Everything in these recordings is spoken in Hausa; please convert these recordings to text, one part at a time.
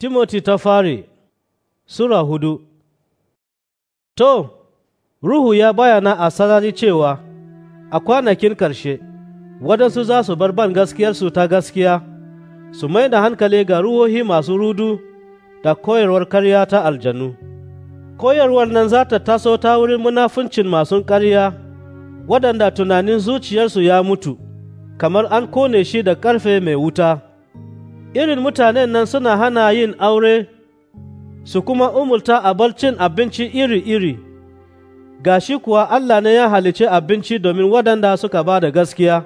Timoti ta fari Sura hudu To, Ruhu ya bayana a sarari cewa a kwanakin ƙarshe waɗansu za su bar ban gaskiyarsu ta gaskiya su mai da hankali ga ruhohi masu rudu da koyarwar karya ta aljanu. Koyarwar nan za ta taso ta wurin munafuncin masu karya waɗanda tunanin zuciyarsu ya mutu, kamar an kone shi da ƙarfe mai wuta. irin mutanen nan suna hana yin aure su kuma umulta a cin abinci iri-iri, gashi kuwa Allah ne ya halice abinci domin waɗanda suka ba da gaskiya,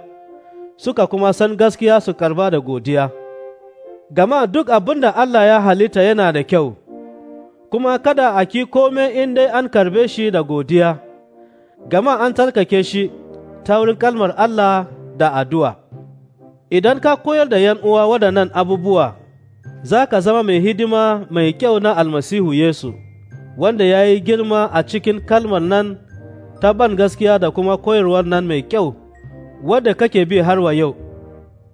suka kuma san gaskiya su karba da godiya. Gama duk abin da Allah ya halitta yana da kyau, kuma kada a ki kome in dai an karbe shi da godiya, gama an tarkake shi ta wurin kalmar Allah da addu'a. Idan ka koyar da ‘yan uwa waɗannan abubuwa, za ka zama mai hidima mai kyau na almasihu Yesu, wanda ya yi girma a cikin kalmar nan ta ban gaskiya da kuma koyarwar nan mai kyau, wadda kake bi har wa yau.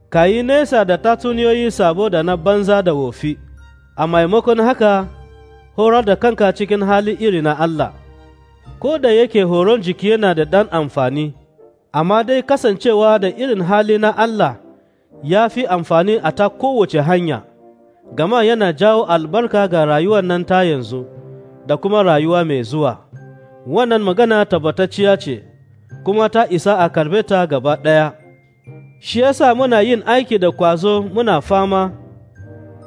Ka yi nesa da tatsuniyoyi sabo da na banza da wofi, a maimakon haka horar da kanka cikin hali iri na Allah. Ko da yake horon jiki yana da ɗan amfani, amma dai kasancewa da irin hali na Allah. ya fi amfani a ta kowace hanya, gama yana jawo albarka ga rayuwar nan ta yanzu da kuma rayuwa mai zuwa. Wannan magana tabbatacciya ce, kuma ta isa a karbe ta gaba ɗaya. Shi yasa muna yin aiki da kwazo muna fama,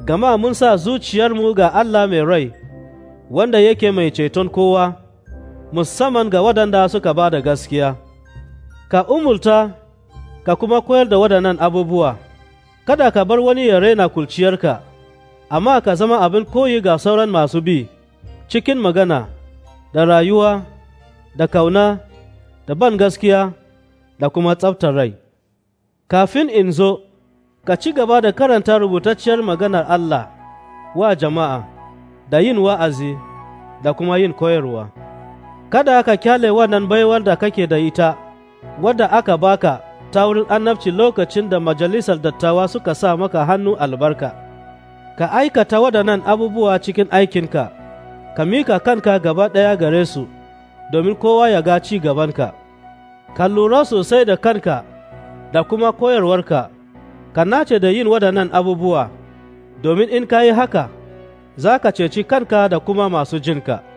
gama mun sa zuciyarmu ga Allah mai rai, wanda yake mai ceton kowa, musamman ga waɗanda suka ba da gaskiya. Ka umulta ka kuma koyar da waɗannan abubuwa. kada ka bar wani ya raina kulciyarka, amma ka zama abin koyi ga sauran masu bi cikin magana, da rayuwa, da kauna, da ban gaskiya, da kuma tsaftar rai. Kafin in zo, ka ci gaba da karanta rubutacciyar maganar Allah wa jama'a, da yin wa'azi, da kuma yin koyarwa. Kada ka kyale wannan baiwar da kake da ita, wadda aka baka. ta wurin annabci lokacin da majalisar dattawa suka sa maka hannu albarka, ka aikata waɗannan abubuwa cikin aikinka, ka mika kanka gaba ɗaya gare su, domin kowa ya ga ci gabanka, ka lura sosai da kanka da kuma koyarwarka, ka nace da yin waɗannan abubuwa, domin in ka yi haka, za ka ceci kanka da kuma masu jinka.